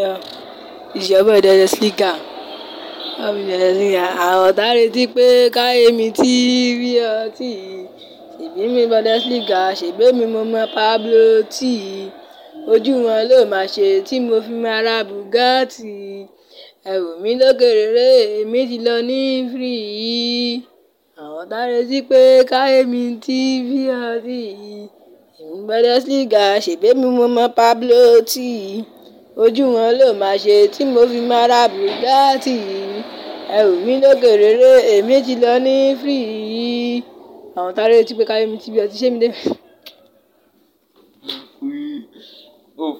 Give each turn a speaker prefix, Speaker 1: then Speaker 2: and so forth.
Speaker 1: Ẹ̀họ̀, ìṣọ̀bọ Bundesliga. Ọ̀tá retí pé Káyémi tí rí ọtí. Ṣèbí mi Bundesliga, ṣèbí mi mo mọ Pablo tí. Ojú wọn ló máa ṣe tí mo fi máa ra Bugatti. Ẹrù mi lókèrèrè, èmi ti lọ ní free. Àwọn tá retí pé Káyémi tí rí ọtí. Ṣèbí Bundesliga, ṣèbí mi mo mọ Pablo tí ojú wọn ló máa ṣe tí mo fi máa ra bùgátì yìí ẹrù mi lókè réré èmi ti lọ ní free yìí àwọn tá ló retí pé ká rí mi tí bí ọtí ṣé mi dé.